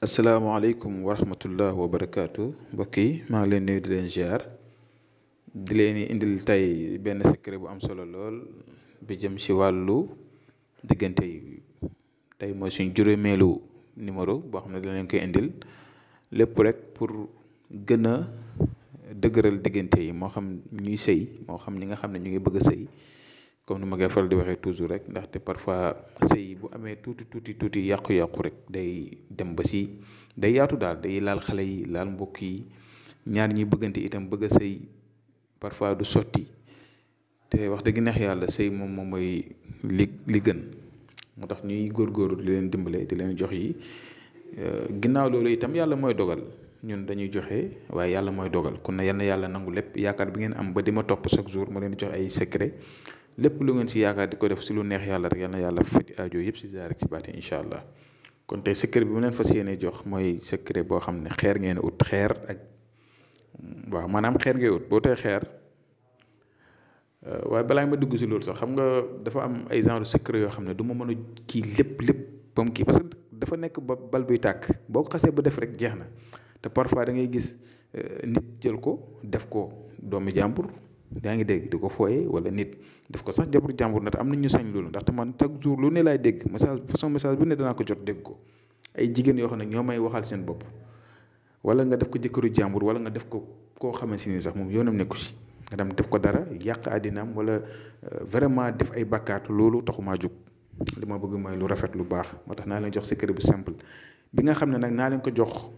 asalaamaaleykum wa rahmatullah wa barakaatu mbokk yi maa ngi leen nuyu di leen ziar di leen indil tey benn secret bu am solo lool bi jëm si wàllu diggante yi tey mooy suñ juróomeelu numéro boo xam ne danañ koy indil lépp rek pour gën a dëgëral diggante yi moo xam ñuy sëy moo xam ñi nga xam ne ñu ngi bëgg a sëy comme ni ma koy faral di waxee toujours rek ndaxte parfois sëy bu amee tuuti tuuti tuuti yàqu-yàqu rek day dem ba si day yaatu daal day laal xale yi laal mbokk yi ñaar ñi bëggante itam bëgg a sëy parfois du sotti te wax dëgg neex yàlla sëy moom moom mooy li li gën moo tax ñuy góor góorgóorlu di leen dimbale di leen jox yi euh, ginnaaw loolu itam yàlla mooy dogal ñun dañuy joxe waaye yàlla mooy dogal kon na yal na yàlla nangu lépp yaakaar bi ngeen am ba di ma topp chaque jour ma leen jox ay secret lépp lu ngeen si yaakaar di ko def si lu neex yàlla rek na yàlla faj ajo yëpp si zaahir rek si baatin incha allah kon tey secret bi mu leen fas yéene jox mooy secret boo xam ne xeer ngeen ut xeer ak waaw maanaam xeer ngay ut boo tey xeer waaye balaa ma dugg si loolu sax xam nga dafa am ay genre secret yoo xam ne duma mën a kii lépp lépp ba kii parce que dafa nekk ba bal buy tàkk boo ko xasee ba def rek jeex na te parfois da ngay gis euh, nit jël ko def ko doomi jàmbur. yaa ngi dégg di ko fooye wala nit def ko sax jabaru jàmbur ndax am na ñu sañ loolu ndaxte man chaque jour lu ne laay dégg message façon message bu ne danaa ko jot dégg ko ay jigéen yoo xam ne ñoo may waxal seen bopp wala nga def ko jëkkëru jàmbur wala nga def ko koo xamante ni sax moom yoonam nekku si nga dem def ko dara yàq àddinaam wala euh, vraiment def ay bàkkaat loolu taxumaa jug li ma bëgg mooy lu rafet lu baax moo tax naa leen jox secret bu simple bi nga xam ne nag naa leen ko jox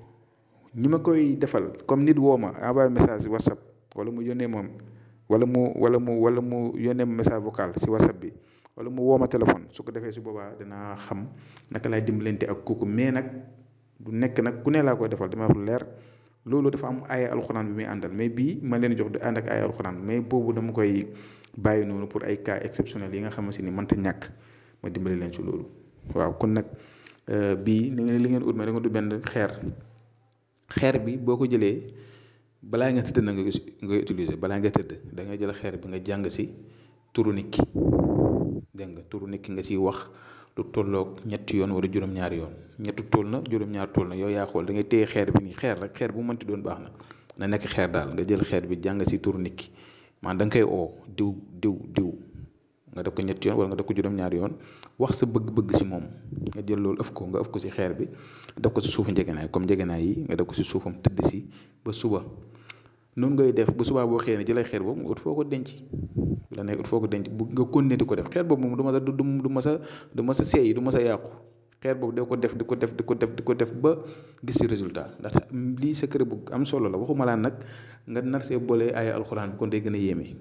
ñi ma koy defal comme nit woo ma envoyé message whatsapp wala mu yónnee moom wala mu wala mu wala mu yónnee ma message vocal si whatsapp bi wala mu woo ma téléphone su ko defee si boobaa danaa xam naka laay dimbalante ak kooku mais nag du nekk nag ku ne laa koy defal dama wax leer loolu dafa am ay alxuraan bi muy àndal mais bii ma leen jox du ànd ay alxuraan mais boobu dama koy bàyyi noonu pour ay cas exceptionnel yi nga xamante ni mënta ñàkk ma dimbali leen ci loolu waaw kon nag euh, bii li ngeen li ngeen ut ma da nga du benn xeer xeer bi boo ko jëlee. bala nga tedd nga nga utiliser bala nga tedd da nga jël xeer bi nga jang ci turu nit ki nga turu nit nga ci wax lu tolok ñett yoon wala juróom ñaar yoon ñett tool na juróom-ñaar tool na yow ya xol da nga téye xeer bi ni xeer rek xeer bu mën ti doon baax na na nekk xeer daal nga jël xeer bi jang ci turu nit ki maanaam da nga koy oo diw diw diw nga def ko ñetti yoon wala nga def ko juróom-ñaari yoon wax sa bëgg-bëgg ci mom nga jël lool ëf ko nga ëf ko ci xeer bi def ko si suufu njegenaay comme njegenaay yi nga def ko si suufam tedd ci ba suba noonu ngay def bu subaa boo xëyee ne jëlay xeer boobu nga ut foo ko denc la nekk ut ko denc bu nga continuer di ko def xeer boobu moom du ma sa du du ma sa du ma sa du ma sa yàqu xeer boobu doo ko def di ko def di ko def di ko def ba gis si résultat ndax lii sa secret bu am solo la waxuma laa nag nga nar see boole ay alxuraan bi kon day gën a yéeme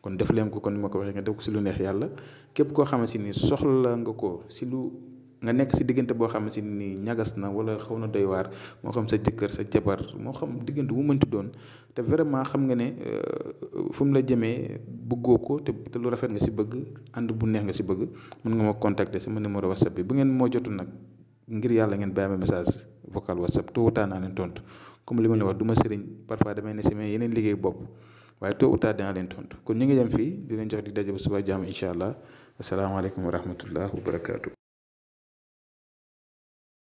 kon def leen ko kon ni ma ko waxee nga def ko si lu neex yàlla képp koo xamante ni soxla nga ko si lu. nga nekk si diggante boo xam si ni ñagas na wala xaw na doy waar moo xam sa jëkkër sa jabar moo xam diggante wu mënti doon te vraiment xam nga ne euh, fu mu la jëmee bëggoo ko te te lu rafet nga si bëgg ànd bu neex nga si bëgg mën nga ma contacter sama numéro whatsapp bi bu ngeen moo jotu nag ngir yàlla ngeen bàyyi message vocal whatsapp tôt ou tard naa tontu comme li ma leen wax du ma sëriñ parfois damay ne sama yeneen liggéey bopp waaye tôt ou tard dinaa leen tontu kon ñu ngi yem fii di leen jox di daje bu suba jàmm incha allah asalaamaaleykum wa rahmatullah wa barakaatu